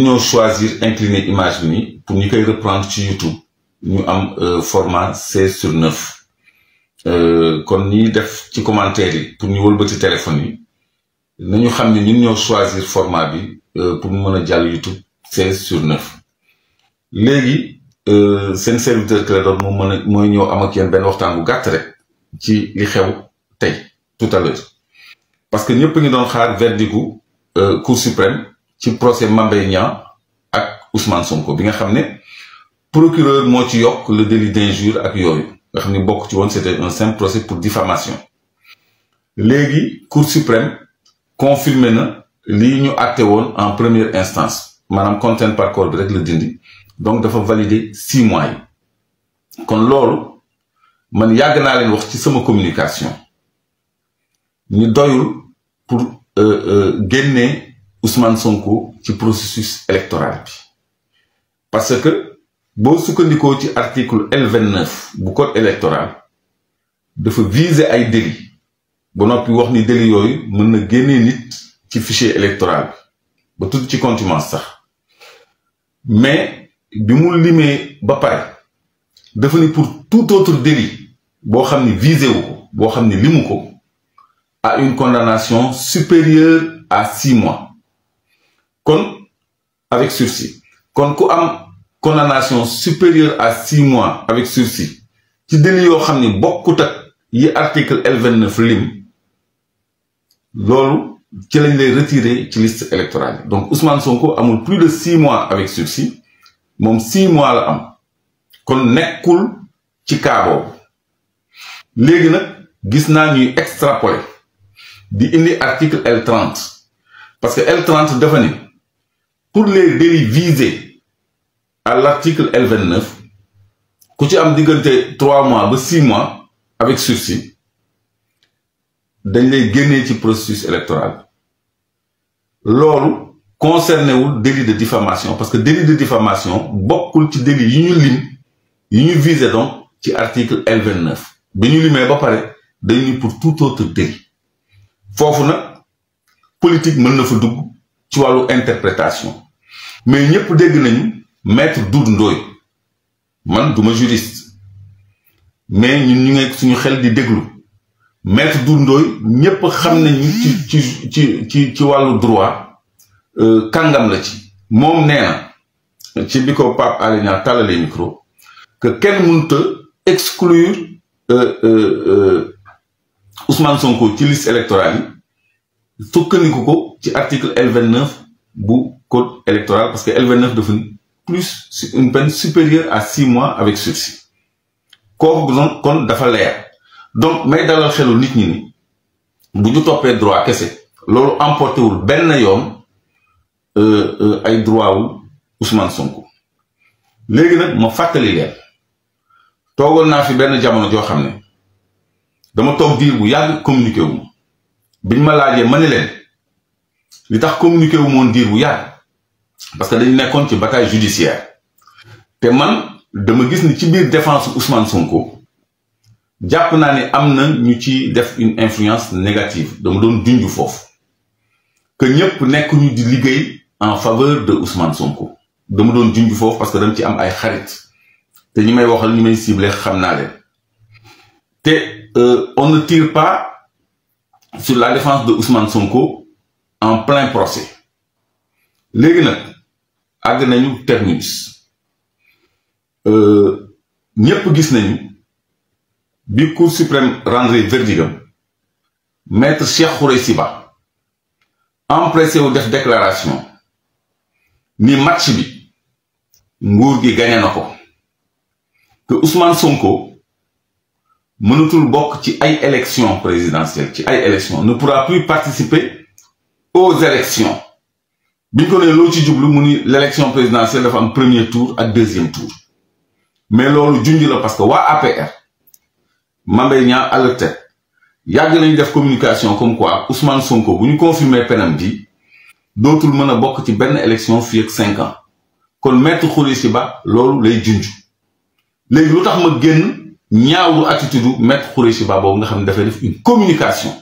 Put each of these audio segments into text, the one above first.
ñoo choisir incliner image ni nii pour ñu koy reprendre ci YouTube ñu am euh, format 16 sur 9 euh, kon ñi def ci commentaire yi pour ñu wëlbati téléphone yi na nañu xam ne ñun ñoo choisir format bi euh, pour mu mën a jàll YouTube 16 sur 9 léegi seen serviteur Clédor moo mooy ñëw am ak yéen benn waxtaan bu gàtt rek ci li xew tey tout à l'heure parce que ñëpp ngi doon xaar verdigu Cour suprême ci procès Mame Mbaye Niang ak Ousmane Sonko bi nga xam ne procureur moo ci yokk le délit d'injure ak yooyu nga xam ne bokk ci woon c'était un simple procès pour diffamation léegi cour suprême confirmé na li ñu àtte woon en première instance maanaam content par corps bi rek la dindi donc dafa valider six mois yi kon loolu man yàgg naa leen wax ci sama communication ñu doyul pour euh, euh, génnee Ousmane Sonko ci processus électoral bi parce que boo sukkandikoo ci article L29 bu code électoral dafa viser ay délits ba noppi wax ni délits yooyu mën na génnee nit ci fichier électoral bi ba tudd ci contumace sax mais bi mu limee ba pare dafa ni pour tout autre délit boo xam ni visé wu ko boo xam ni limu ko à une condamnation supérieure à six mois kon avec sursis kon ku am condamnation supérieure à six mois avec sursis ci délit yoo xam ni bokkut yi article L29 lim loolu ci lañ lay retirer ci liste électorale bi donc Ousmane Sonko amul plus de six mois avec sursis moom six mois la am kon nekkul ci cas boobu léegi nag gis naa ñuy extrapoler di indi article L30 parce que L30 dafa ni pour les délits visés à l'article L29 ku ci am diggante trois mois ba six mois avec sursis dañ lay génnee ci processus électoral loolu concerné wul délit de diffamation parce que délit de diffamation bokkul ci délit yi ñu lim yi ñu visé donc ci article L29 bi ñu limee ba pare dañuy pour tout autre délit foofu nag politique mën na fa dugg ci wàllu interprétation mais ñëpp dégg nañu maître Doudou Ndoye man duma ma mais ñun ñu ngi suñu xel di déglu maître Doudou Ndoye ñëpp xam nañu ci ci ci ci wàllu droit euh, kàngam la ci. moom nee na ci bi ko Pape Alé tàllalee micro que kenn mënut a exclure euh, euh, Ousmane Sonko ci liste électorale yi sukkandiku ko ci article L29 bu. code électoral parce que L29 dafa plus une peine supérieure à six mois avec sursis kooku doon kon dafa leer donc may dalal xelu nit ñi ni bu ñu toppee droit kese loolu emporté benn yoon euh, euh, ay droit wu Ousmane Sonko léegi nag ma fàttali leen toogoon naa fi benn jamono joo xam ne dama toog diir bu yàgg communiqué wu ma biñ ma laajee ma ni leen li tax communiqué wu moon diir bu yàgg. parce que dañu nekkoon ci bataille judiciaire te man dama gis ni ci biir défense Ousmane Sonko jàpp naa ne am na ñu ci def une influence négative dama doon junju foofu que ñëpp nekk ñu di liggéey en faveur de Ousmane Sonko dama doon junj foofu parce que dama ci am ay xarit te ñi may waxal ñi may ciblé xam naa leen te euh, on ne tire pas sur la défense de Ousmane Sonko en plein procès léegi nag àgg nañu terminus euh, ñëpp gis nañu bi cour suprême rendre verdigam maître Cheikh Khoureyssi Ba empressé wu def déclaration ni match bi nguur gi gañe na ko que Ousmane Sonko mënatul bokk ci ay élections présidentielles ci ay élections ne pourra plus participer aux élections bi ñu ko nee loo ci jublu mu ni l' élection présidentielle dafa am premier tour ak deuxième tour mais loolu junj la parce que waa APR Mame ñaar Niang alerte yàgg nañu def communication comme quoi Ousmane Sonko bu ñu confirmer penam bi dootul mën a bokk ci benn élection fii ak cinq ans kon maître Khoureyssi Ba loolu lay junj léegi lu tax ma génn ñaawlu attitude maître Khoureyssi Ba boobu nga xam ne dafay def une communication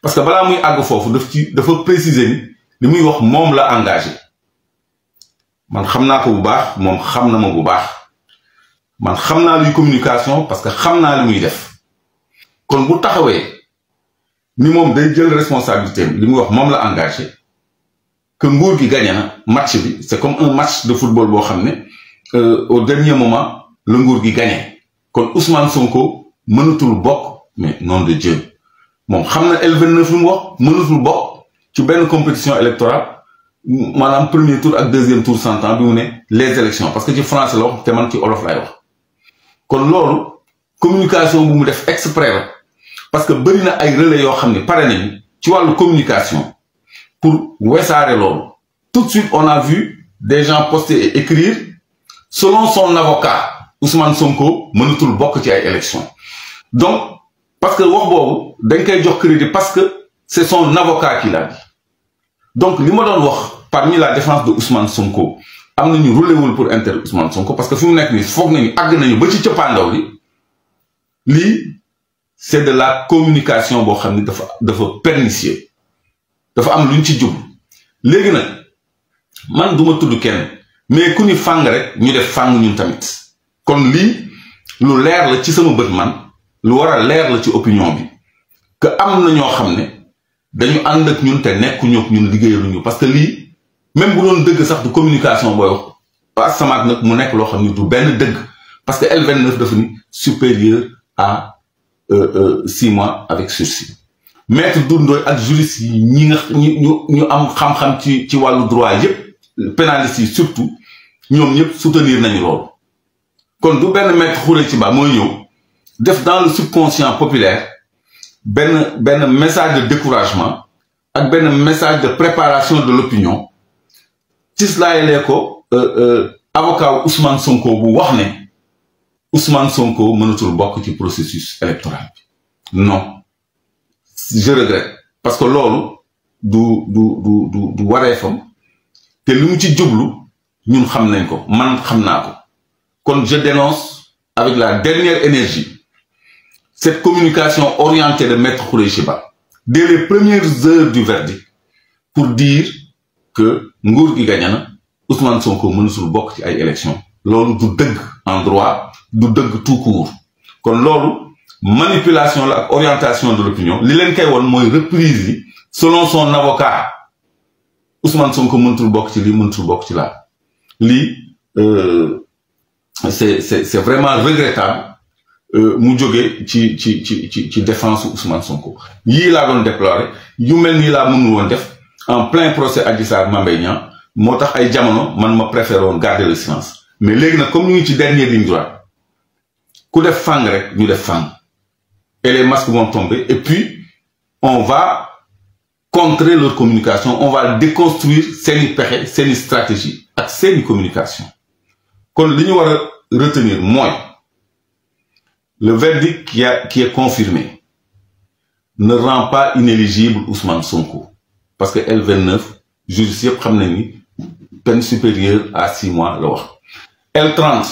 parce que balaa muy àgg foofu daf ci dafa préciser li muy wax moom la engagé man xam naa ko bu baax moom xam na ma bu baax man xam naa luy communication parce que xam naa li muy def kon bu taxawee ni moom day jël responsabilité li muy wax moom la engagé que nguur gi gagné na match bi c'est comme un match de football boo xam ne euh, au dernier moment la nguur gi gagné kon Ousmane Sonko mënatul bokk mais nom de Dieu moom xam na l wax mënatul bokk. ci benn compétition électorale maanaam premier tour ak deuxième tour santan bi mu ne les élections parce que ci français la wax te man ci olof laay wax kon loolu communication bu mu def exprès la parce que bëri na ay relais yoo xam ne pare nañu ci wàllu communication pour wesaare loolu tout de suite on a vu des gens poster et écrire selon son avocat Ousmane ko mënatul bokk ci ay élections donc parce que wax boobu dañ koy jox crédit parce que c'est son avocat qui donc li ma doon wax parmi la defence de Ousmane Sonko am nañu roulé wul pour intérêt Ousmane Sonko parce que fi mu nekk nii foog nañu àgg nañu ba ci cëppaandaw li lii c' est de la communication boo xam ni dafa dafa pernicieux dafa am lu ñu ci jub léegi nag man duma tudd kenn mais ku ni fàng rek ñu def fàng ñun tamit kon lii lu leer la ci sama bët man lu war a leer la ci opinion bi que am na ñoo xam ne dañu ànd ak ñun te nekkuñu ak ñun liggéeyaluñu parce que lii même bu doon dëgg sax du communication booy wax Asamaak nag mu nekk loo xam ni du benn dëgg parce que L29 dafa ni supérieur à euh, euh, six mois avec sursis maître Doudou ak juriste yi ñi nga ñu ñu am xam-xam ci ci wàllu droit yépp pénaliste yi surtout ñoom ñëpp soutenir nañu loolu kon du benn maître xure ci ba mooy ñëw def dans le subconscient populaire. benn benn message de découragement ak benn message de préparation de l'opinion tislaayalee ko euh, euh, avocat wu Ousmane Sonko bu wax ne Ousmane Sonko mënatul bokk ci processus électoral bi non je regrette parce que loolu du du du du du wareefam te li mu ci jublu ñun xam nañ ko man xam naa ko kon je dénonce avec la dernière énergie cette communication orientée de Maître Khoureychiba dès les premières heures du verdict pour dire que nguur gi gañe na Ousmane Sonko mënasul bokk ci ay élections loolu du dëgg en droit du dëgg tout court kon loolu manipulation la ak orientation de l'opinion li leen koy woon mooy reprise yi selon son avocat Ousmane Sonko mënatul bokk ci lii mënatul bokk ci la lii euh, c'est c'est c'est vraiment regrettable Euh, mu jógee ci ci ci ci ci défense Ousmane Sonko yii laa doon déplorer yu mel nii laa mënul woon def en plein procès Adji Sarr Mame moo tax ay jamono man ma préféré woon garder le silence mais léegi nag comme ñu ngi ci dernier ligne ku def fang rek ñu def fang et les masques vont tomber et puis on va contrer leur communication on va déconstruire seeni pexe seeni stratégie ak seeni communication kon li ñu war a retenir mooy Le verdict qui, a, qui, est confirmé ne rend pas inéligible Ousmane Sonko. Parce que L29, ni penn supérieure à 6 mois. la L30,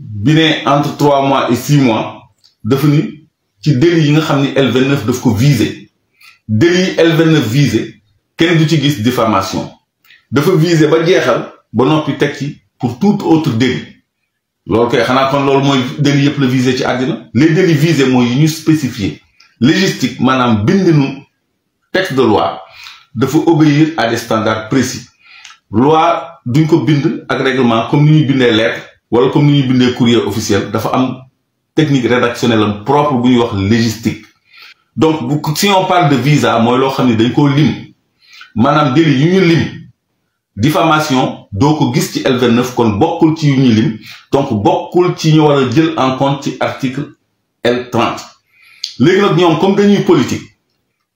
biné entre 3 mois et 6 mois, devenu qui délit L29 doit viser. Délit L29 visé, quel du diffamation. dafa viser, ba jeexal ba teg ci pour tout autre délit. lool kay xanaa kon loolu mooy délit yëpp la visé ci àddina les délits visés mooy yi ñu spécifié légistique maanaam bindinu texte de loi dafa obéir à des standards précis loi duñ ko bind ak réglement comme ni ñuy bindee lettre wala comme ni ñuy bindee courrier officiel dafa am technique rédactionnelle am propre bu ñuy wax légistique donc si on parle de visa mooy loo xam ne dañ koo lim maanaam délit yu ñu lim diffamation doo ko gis ci L29 kon bokkul ci yu ñu lim donc bokkul ci ñu war jël en compte ci article L30 léegi nag ñoom comme dañuy politique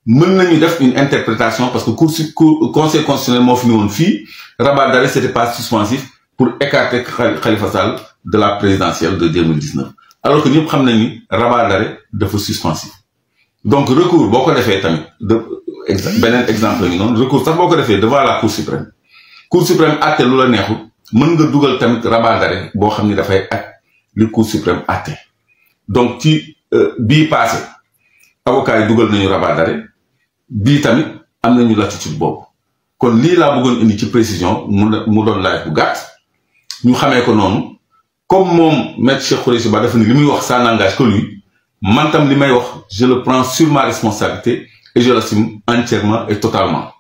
mën nañu def une interprétation parce que cour cour conseil constitutionnel moo fi ni woon fii rabat d'arrêt c'était pas suspensif pour écarter Khalifa Sall de la présidentielle de 2019 alors que ñëpp xam nañu ni rabat d'arrêt dafa suspensif donc recours boo ko defee tamit de beneen exemple la ñu noonu recours sax boo ko defee devant la cour suprême cour suprême àtte lu la neexul mën nga dugal tamit rabat boo xam ni dafay ak li cour suprême àtte donc ci euh, bii passé avocat yi dugal nañu rabat d'arrêt bii tamit am nañu latitude boobu kon lii laa bëggoon indi ci précision mu mu doon laaj bu gàtt ñu xamee ko noonu comme moom maître Cheikh Khoureyssi Ba dafa ni li muy wax ça n'engage man tam li may wax je le prends sur ma responsabilité et je l'assume entièrement et totalement